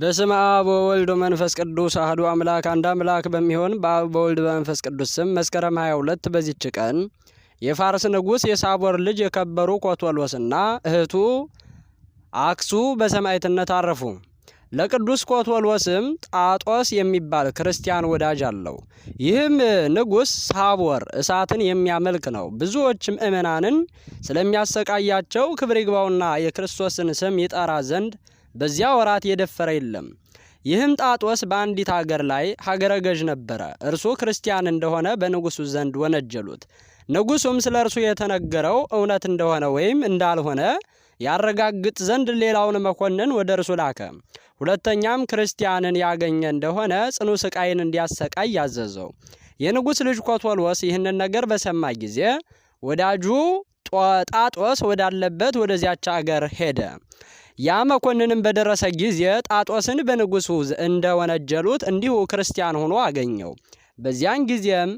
በስም አብ ወወልድ መንፈስ ቅዱስ አህዱ አምላክ አንድ አምላክ በሚሆን በአብ በወልድ በመንፈስ ቅዱስ ስም መስከረም 22 በዚች ቀን የፋርስ ንጉሥ የሳቦር ልጅ የከበሩ ኮቶሎስና እህቱ አክሱ በሰማዕትነት አረፉ። ለቅዱስ ኮትወልወስም ጣጦስ የሚባል ክርስቲያን ወዳጅ አለው። ይህም ንጉሥ ሳቦር እሳትን የሚያመልክ ነው። ብዙዎችም ምእመናንን ስለሚያሰቃያቸው ክብር ይግባውና የክርስቶስን ስም ይጠራ ዘንድ በዚያ ወራት የደፈረ የለም። ይህም ጣጦስ በአንዲት አገር ላይ ሀገረ ገዥ ነበረ። እርሱ ክርስቲያን እንደሆነ በንጉሡ ዘንድ ወነጀሉት። ንጉሱም ስለ እርሱ የተነገረው እውነት እንደሆነ ወይም እንዳልሆነ ያረጋግጥ ዘንድ ሌላውን መኮንን ወደ እርሱ ላከ። ሁለተኛም ክርስቲያንን ያገኘ እንደሆነ ጽኑ ስቃይን እንዲያሰቃይ ያዘዘው። የንጉሥ ልጅ ኮቶልወስ ይህንን ነገር በሰማ ጊዜ ወዳጁ ጣጦስ ወዳለበት ወደዚያች አገር ሄደ። ያ መኮንንም በደረሰ ጊዜ ጣጦስን በንጉሱ እንደወነጀሉት እንዲሁ ክርስቲያን ሆኖ አገኘው። በዚያን ጊዜም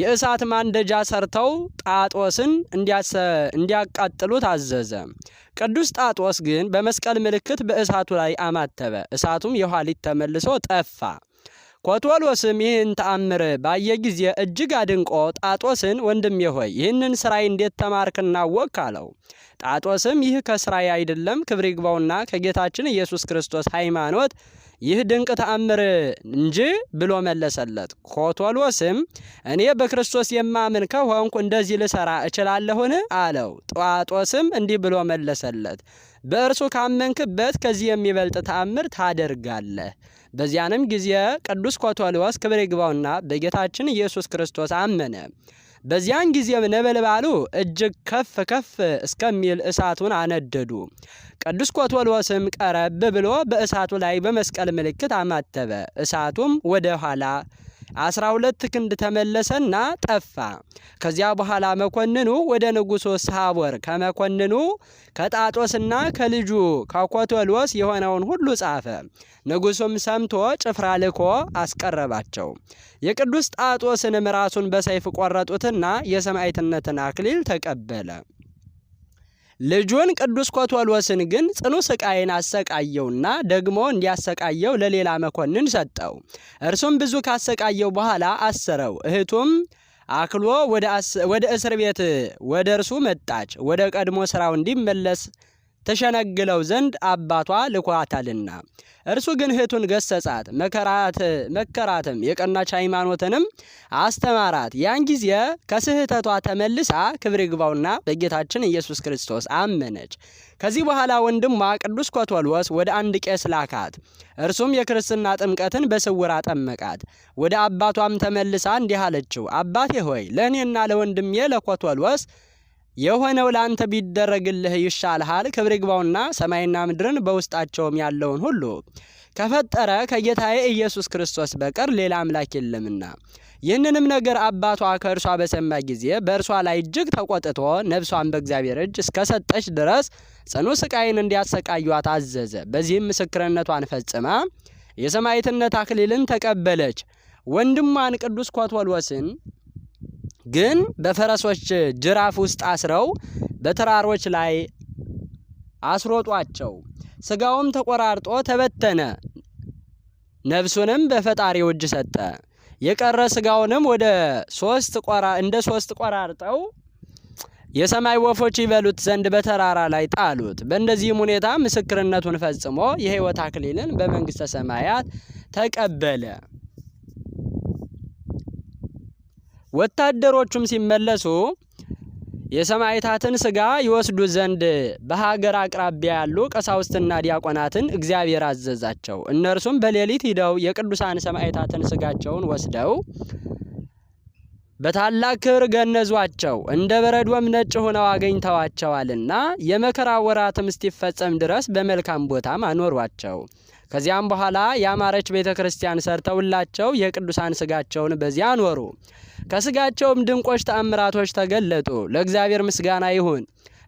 የእሳት ማንደጃ ሰርተው ጣጦስን እንዲያቃጥሉት አዘዘ። ቅዱስ ጣጦስ ግን በመስቀል ምልክት በእሳቱ ላይ አማተበ። እሳቱም የኋሊት ተመልሶ ጠፋ። ኮቶሎስም ይህን ተአምር ባየ ጊዜ እጅግ አድንቆ ጣጦስን ወንድሜ ሆይ ይህንን ስራይ እንዴት ተማርክና ወክ አለው። ጣጦስም ይህ ከስራይ አይደለም፣ ክብር ይግባውና ከጌታችን ኢየሱስ ክርስቶስ ሃይማኖት ይህ ድንቅ ተአምር እንጂ ብሎ መለሰለት። ኮቶሎስም እኔ በክርስቶስ የማምን ከሆንኩ እንደዚህ ልሰራ እችላለሁን አለው። ጣጦስም እንዲህ ብሎ መለሰለት፣ በእርሱ ካመንክበት ከዚህ የሚበልጥ ተአምር ታደርጋለህ በዚያንም ጊዜ ቅዱስ ኮቶሊዎስ ክብር ይግባውና በጌታችን ኢየሱስ ክርስቶስ አመነ። በዚያን ጊዜም ነበልባሉ እጅግ ከፍ ከፍ እስከሚል እሳቱን አነደዱ። ቅዱስ ኮቶሊዎስም ቀረብ ብሎ በእሳቱ ላይ በመስቀል ምልክት አማተበ። እሳቱም ወደ ኋላ አስራ ሁለት ክንድ ተመለሰና ጠፋ። ከዚያ በኋላ መኮንኑ ወደ ንጉሱ ሳቦር ከመኮንኑ ከጣጦስና ከልጁ ከኮቶሎስ የሆነውን ሁሉ ጻፈ። ንጉሱም ሰምቶ ጭፍራ ልኮ አስቀረባቸው። የቅዱስ ጣጦስንም ራሱን በሰይፍ ቆረጡትና የሰማዕትነትን አክሊል ተቀበለ። ልጁን ቅዱስ ኮቶሎስን ግን ጽኑ ስቃይን አሰቃየውና ደግሞ እንዲያሰቃየው ለሌላ መኮንን ሰጠው። እርሱም ብዙ ካሰቃየው በኋላ አሰረው። እህቱም አክሎ ወደ እስር ቤት ወደ እርሱ መጣች። ወደ ቀድሞ ስራው እንዲመለስ ትሸነግለው ዘንድ አባቷ ልኳታልና። እርሱ ግን እህቱን ገሰጻት፣ መከራትም፣ የቀናች ሃይማኖትንም አስተማራት። ያን ጊዜ ከስህተቷ ተመልሳ ክብር ይግባውና በጌታችን ኢየሱስ ክርስቶስ አመነች። ከዚህ በኋላ ወንድሟ ቅዱስ ኮቶሎስ ወደ አንድ ቄስ ላካት። እርሱም የክርስትና ጥምቀትን በስውር አጠመቃት። ወደ አባቷም ተመልሳ እንዲህ አለችው፣ አባቴ ሆይ ለእኔና ለወንድሜ ለኮቶሎስ የሆነው ለአንተ ቢደረግልህ ይሻልሃል። ክብር ይግባውና ሰማይና ምድርን በውስጣቸውም ያለውን ሁሉ ከፈጠረ ከጌታዬ ኢየሱስ ክርስቶስ በቀር ሌላ አምላክ የለምና። ይህንንም ነገር አባቷ ከእርሷ በሰማ ጊዜ በእርሷ ላይ እጅግ ተቆጥቶ ነፍሷን በእግዚአብሔር እጅ እስከሰጠች ድረስ ጽኑ ስቃይን እንዲያሰቃዩት አዘዘ። በዚህም ምስክርነቷን ፈጽማ የሰማዕትነት አክሊልን ተቀበለች። ወንድሟን ቅዱስ ኮትወልወስን ግን በፈረሶች ጅራፍ ውስጥ አስረው በተራሮች ላይ አስሮጧቸው። ስጋውም ተቆራርጦ ተበተነ። ነፍሱንም በፈጣሪው እጅ ሰጠ። የቀረ ስጋውንም ወደ ሶስት ቆራ እንደ ሶስት ቆራርጠው የሰማይ ወፎች ይበሉት ዘንድ በተራራ ላይ ጣሉት። በእንደዚህም ሁኔታ ምስክርነቱን ፈጽሞ የሕይወት አክሊልን በመንግሥተ ሰማያት ተቀበለ። ወታደሮቹም ሲመለሱ የሰማዕታትን ስጋ ይወስዱ ዘንድ በሀገር አቅራቢያ ያሉ ቀሳውስትና ዲያቆናትን እግዚአብሔር አዘዛቸው። እነርሱም በሌሊት ሂደው የቅዱሳን ሰማዕታትን ስጋቸውን ወስደው በታላቅ ክብር ገነዟቸው። እንደ በረዶም ነጭ ሆነው አገኝተዋቸዋልና የመከራ ወራትም እስቲፈጸም ድረስ በመልካም ቦታም አኖሯቸው። ከዚያም በኋላ ያማረች ቤተ ክርስቲያን ሰርተውላቸው የቅዱሳን ስጋቸውን በዚያ አኖሩ። ከስጋቸውም ድንቆች ተአምራቶች ተገለጡ። ለእግዚአብሔር ምስጋና ይሁን።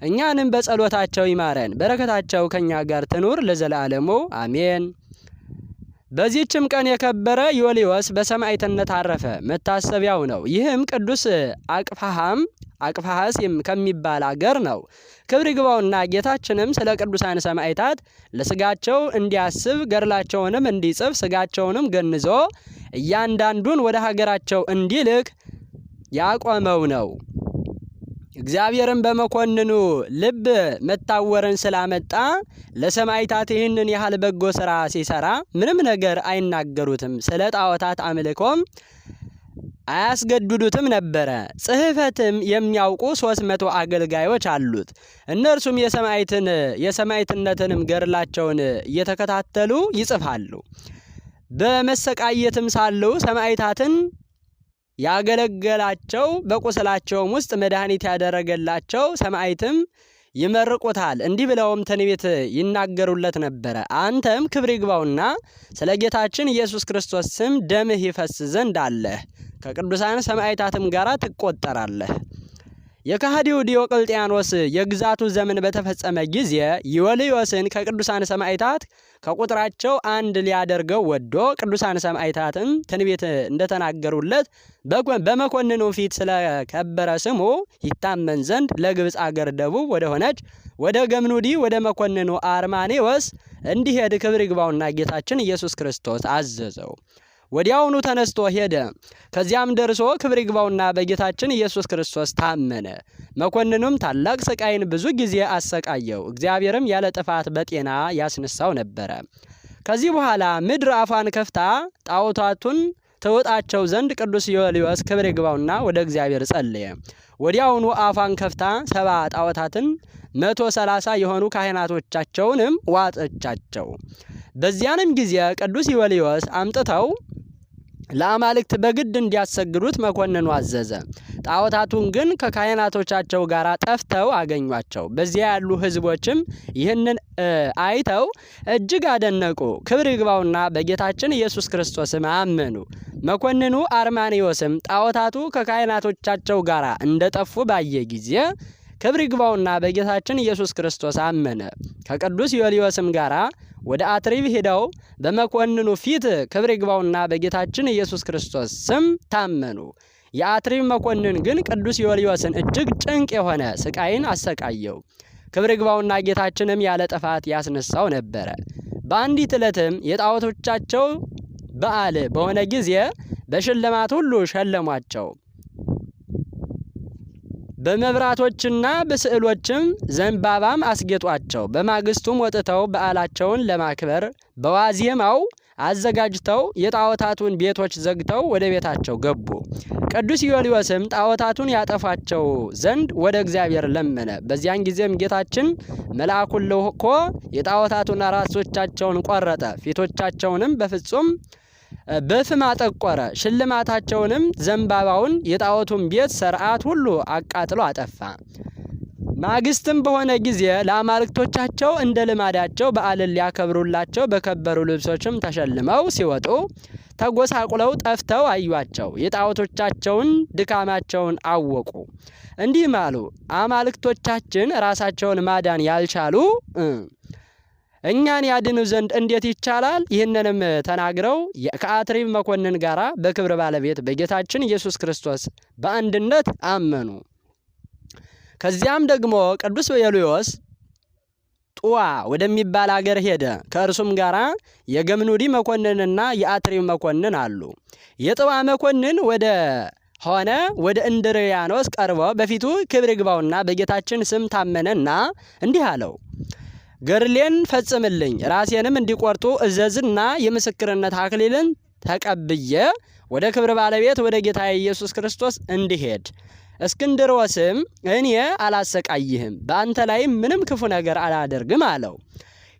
እኛንም በጸሎታቸው ይማረን። በረከታቸው ከእኛ ጋር ትኑር ለዘላለሙ አሜን። በዚህችም ቀን የከበረ ዮልዮስ በሰማዕትነት አረፈ። መታሰቢያው ነው። ይህም ቅዱስ አቅፋሃም አቅፋሃስም ከሚባል አገር ነው። ክብር ይግባውና ጌታችንም ስለ ቅዱሳን ሰማዕታት ለስጋቸው እንዲያስብ ገድላቸውንም እንዲጽፍ ስጋቸውንም ገንዞ እያንዳንዱን ወደ ሀገራቸው እንዲልክ ያቆመው ነው። እግዚአብሔርን በመኮንኑ ልብ መታወርን ስላመጣ ለሰማይታት ይህንን ያህል በጎ ስራ ሲሰራ ምንም ነገር አይናገሩትም። ስለ ጣዖታት አምልኮም አያስገድዱትም ነበረ። ጽህፈትም የሚያውቁ ሶስት መቶ አገልጋዮች አሉት። እነርሱም የሰማይትን የሰማይትነትንም ገድላቸውን እየተከታተሉ ይጽፋሉ። በመሰቃየትም ሳሉ ሰማይታትን ያገለገላቸው በቁስላቸውም ውስጥ መድኃኒት ያደረገላቸው ሰማይትም ይመርቁታል። እንዲህ ብለውም ትንቢት ይናገሩለት ነበረ። አንተም ክብር ይግባውና ስለ ጌታችን ኢየሱስ ክርስቶስ ስም ደምህ ይፈስ ዘንድ አለህ፣ ከቅዱሳን ሰማይታትም ጋር ትቆጠራለህ። የካህዲው ዲዮቅልጥያኖስ የግዛቱ ዘመን በተፈጸመ ጊዜ ዮልዮስን ከቅዱሳን ሰማዕታት ከቁጥራቸው አንድ ሊያደርገው ወዶ ቅዱሳን ሰማዕታትም ትንቢት እንደተናገሩለት በመኮንኑ ፊት ስለከበረ ስሙ ይታመን ዘንድ ለግብፅ አገር ደቡብ ወደ ሆነች ወደ ገምኑዲ ወደ መኮንኑ አርማኔዎስ እንዲሄድ ክብር ይግባውና ጌታችን ኢየሱስ ክርስቶስ አዘዘው። ወዲያውኑ ተነስቶ ሄደ። ከዚያም ደርሶ ክብር ይግባውና በጌታችን ኢየሱስ ክርስቶስ ታመነ። መኮንኑም ታላቅ ስቃይን ብዙ ጊዜ አሰቃየው። እግዚአብሔርም ያለ ጥፋት በጤና ያስነሳው ነበረ። ከዚህ በኋላ ምድር አፏን ከፍታ ጣዖታቱን ተወጣቸው ዘንድ ቅዱስ ዮልዮስ ክብር ይግባውና ወደ እግዚአብሔር ጸለየ። ወዲያውኑ አፏን ከፍታ ሰባ ጣዖታትን መቶ ሰላሳ የሆኑ ካህናቶቻቸውንም ዋጠቻቸው። በዚያንም ጊዜ ቅዱስ ዮልዮስ አምጥተው ለአማልክት በግድ እንዲያሰግዱት መኮንኑ አዘዘ። ጣዖታቱን ግን ከካህናቶቻቸው ጋር ጠፍተው አገኟቸው። በዚያ ያሉ ሕዝቦችም ይህንን አይተው እጅግ አደነቁ። ክብር ይግባውና በጌታችን ኢየሱስ ክርስቶስም አመኑ። መኮንኑ አርማኒዎስም ጣዖታቱ ከካህናቶቻቸው ጋር እንደጠፉ ባየ ጊዜ ክብር ይግባውና በጌታችን ኢየሱስ ክርስቶስ አመነ። ከቅዱስ ዮልዮስም ጋር ወደ አትሪብ ሄደው በመኮንኑ ፊት ክብር ይግባውና በጌታችን ኢየሱስ ክርስቶስ ስም ታመኑ። የአትሪብ መኮንን ግን ቅዱስ ዮልዮስን እጅግ ጭንቅ የሆነ ስቃይን አሰቃየው። ክብር ይግባውና ጌታችንም ያለ ጥፋት ያስነሳው ነበረ። በአንዲት ዕለትም የጣዖቶቻቸው በዓል በሆነ ጊዜ በሽልማት ሁሉ ሸለሟቸው። በመብራቶችና በስዕሎችም ዘንባባም አስጌጧቸው። በማግስቱም ወጥተው በዓላቸውን ለማክበር በዋዜማው አዘጋጅተው የጣዖታቱን ቤቶች ዘግተው ወደ ቤታቸው ገቡ። ቅዱስ ዮልዮስም ጣዖታቱን ያጠፋቸው ዘንድ ወደ እግዚአብሔር ለመነ። በዚያን ጊዜም ጌታችን መልአኩን ልኮ የጣዖታቱን ራሶቻቸውን ቆረጠ። ፊቶቻቸውንም በፍጹም በፍም አጠቆረ። ሽልማታቸውንም ዘንባባውን፣ የጣዖቱን ቤት ስርዓት ሁሉ አቃጥሎ አጠፋ። ማግስትም በሆነ ጊዜ ለአማልክቶቻቸው እንደ ልማዳቸው በዓልን ሊያከብሩላቸው በከበሩ ልብሶችም ተሸልመው ሲወጡ ተጎሳቁለው ጠፍተው አዩቸው። የጣዖቶቻቸውን ድካማቸውን አወቁ። እንዲህም አሉ፣ አማልክቶቻችን ራሳቸውን ማዳን ያልቻሉ እኛን ያድኑ ዘንድ እንዴት ይቻላል? ይህንንም ተናግረው ከአትሪብ መኮንን ጋር በክብር ባለቤት በጌታችን ኢየሱስ ክርስቶስ በአንድነት አመኑ። ከዚያም ደግሞ ቅዱስ በየልዮስ ጥዋ ወደሚባል አገር ሄደ። ከእርሱም ጋር የገምኑዲ መኮንንና የአትሪ መኮንን አሉ። የጥዋ መኮንን ወደ ሆነ ወደ እንድርያኖስ ቀርቦ በፊቱ ክብር ይግባውና በጌታችን ስም ታመነና እንዲህ አለው ገርሌን ፈጽምልኝ፣ ራሴንም እንዲቆርጡ እዘዝና የምስክርነት አክሊልን ተቀብዬ ወደ ክብር ባለቤት ወደ ጌታ ኢየሱስ ክርስቶስ እንዲሄድ። እስክንድሮስም እኔ አላሰቃይህም፣ በአንተ ላይም ምንም ክፉ ነገር አላደርግም አለው።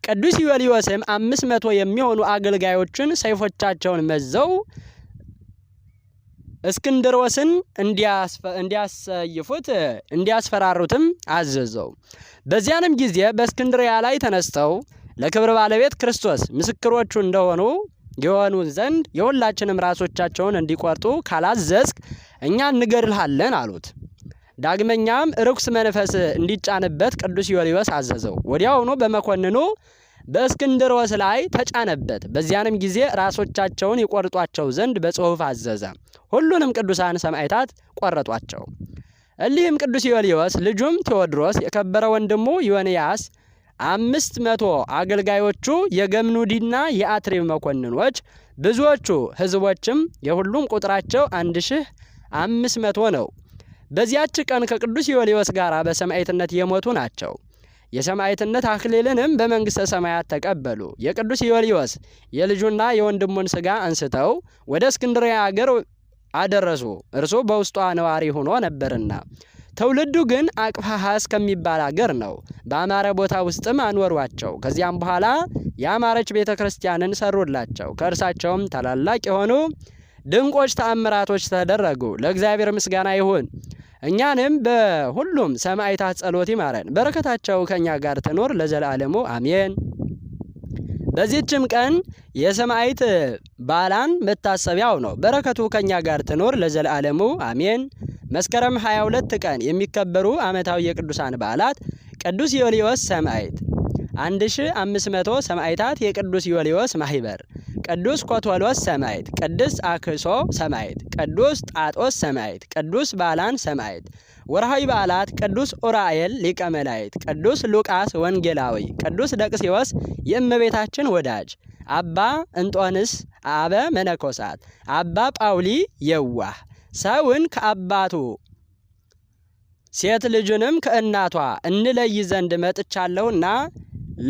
ቅዱስ ዮልዮስም አምስት መቶ የሚሆኑ አገልጋዮችን ሰይፎቻቸውን መዘው እስክንድሮስን እንዲያሰይፉት እንዲያስፈራሩትም አዘዘው። በዚያንም ጊዜ በእስክንድሪያ ላይ ተነስተው ለክብር ባለቤት ክርስቶስ ምስክሮቹ እንደሆኑ የሆኑ ዘንድ የሁላችንም ራሶቻቸውን እንዲቆርጡ ካላዘዝክ እኛ እንገድልሃለን አሉት። ዳግመኛም ርኩስ መንፈስ እንዲጫንበት ቅዱስ ዮልዮስ አዘዘው። ወዲያውኑ በመኮንኑ በእስክንድሮስ ላይ ተጫነበት። በዚያንም ጊዜ ራሶቻቸውን ይቆርጧቸው ዘንድ በጽሑፍ አዘዘ። ሁሉንም ቅዱሳን ሰማዕታት ቆረጧቸው። እሊህም ቅዱስ ዮልዮስ ልጁም ቴዎድሮስ የከበረ ወንድሙ ዮንያስ አምስት መቶ አገልጋዮቹ የገምኑዲና የአትሪብ መኮንኖች ብዙዎቹ ሕዝቦችም የሁሉም ቁጥራቸው አንድ ሺህ አምስት መቶ ነው። በዚያች ቀን ከቅዱስ ዮልዮስ ጋር በሰማዕትነት የሞቱ ናቸው። የሰማዕትነት አክሊልንም በመንግሥተ ሰማያት ተቀበሉ። የቅዱስ ዮልዮስ የልጁና የወንድሙን ሥጋ አንስተው ወደ እስክንድርያ አገር አደረሱ። እርሱ በውስጧ ነዋሪ ሆኖ ነበርና ትውልዱ ግን አቅፋሐስ ከሚባል አገር ነው። በአማረ ቦታ ውስጥም አኖሯቸው። ከዚያም በኋላ የአማረች ቤተ ክርስቲያንን ሰሩላቸው። ከእርሳቸውም ታላላቅ የሆኑ ድንቆች ተአምራቶች ተደረጉ። ለእግዚአብሔር ምስጋና ይሁን። እኛንም በሁሉም ሰማዕታት ጸሎት ይማረን። በረከታቸው ከእኛ ጋር ትኖር ለዘላለሙ አሜን። በዚህችም ቀን የሰማዕት ባላን መታሰቢያው ነው። በረከቱ ከእኛ ጋር ትኖር ለዘላለሙ አሜን። መስከረም 22 ቀን የሚከበሩ ዓመታዊ የቅዱሳን በዓላት ቅዱስ ዮልዮስ ሰማዕት 1500 ሰማዕታት፣ የቅዱስ ዮልዮስ ማህበር ቅዱስ ኮቶሎስ ሰማይት ቅዱስ አክሶ ሰማይት ቅዱስ ጣጦስ ሰማይት ቅዱስ ባላን ሰማይት ወርሃዊ በዓላት ቅዱስ ኡራኤል ሊቀ መላእክት፣ ቅዱስ ሉቃስ ወንጌላዊ፣ ቅዱስ ደቅሲዮስ የእመቤታችን ወዳጅ፣ አባ እንጦንስ አበ መነኮሳት፣ አባ ጳውሊ የዋህ ሰውን ከአባቱ ሴት ልጁንም ከእናቷ እንለይ ዘንድ መጥቻለሁና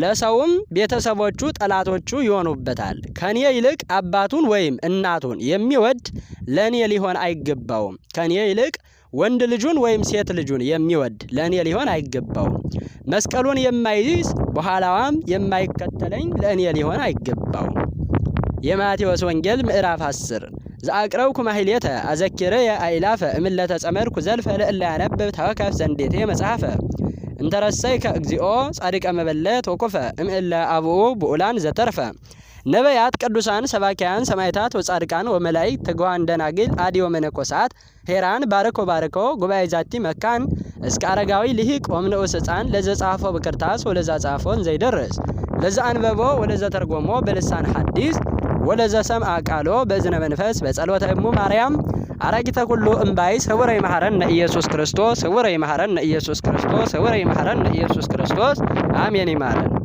ለሰውም ቤተሰቦቹ ጠላቶቹ ይሆኑበታል። ከኔ ይልቅ አባቱን ወይም እናቱን የሚወድ ለእኔ ሊሆን አይገባውም። ከኔ ይልቅ ወንድ ልጁን ወይም ሴት ልጁን የሚወድ ለእኔ ሊሆን አይገባውም። መስቀሉን የማይይዝ በኋላዋም የማይከተለኝ ለእኔ ሊሆን አይገባውም። የማቴዎስ ወንጌል ምዕራፍ 10 ዘአቅረብኩ ማሕሌተ አዘኪረ የአይላፈ ጸመርኩ ዘልፈ ልዕላ ያነብብ ተወከፍ ዘንዴቴ መጽሐፈ እንተረሰይ ከእግዚኦ ጻድቀ መበለ ተወኮፈ እምእለ አብኡ ብኡላን ዘተርፈ ነበያት ቅዱሳን ሰባኪያን ሰማይታት ወጻድቃን ወመላይክ ትጉሃን ደናግል አዲ ወመነኮሳት ሄራን ባርኮ ባርኮ ጉባኤ ዛቲ መካን እስከ አረጋዊ ልሂቅ ወምንዑስ ሕፃን ለዘ ጻፎ በክርታስ ወለዛ ዘይደርስ ለዘ ወለዘተርጎሞ ወለዘ ተርጎሞ በልሳን ሐዲስ ወለዘ ቃሎ በእዝነ መንፈስ በጸሎተ እሙ ማርያም አራጊተ ኩሉ እምባይ ስውረ ይመሐረነ ኢየሱስ ክርስቶስ ስውረ ይመሐረነ ኢየሱስ ክርስቶስ ስውረ ይመሐረነ ኢየሱስ ክርስቶስ አሜን። ይማረን።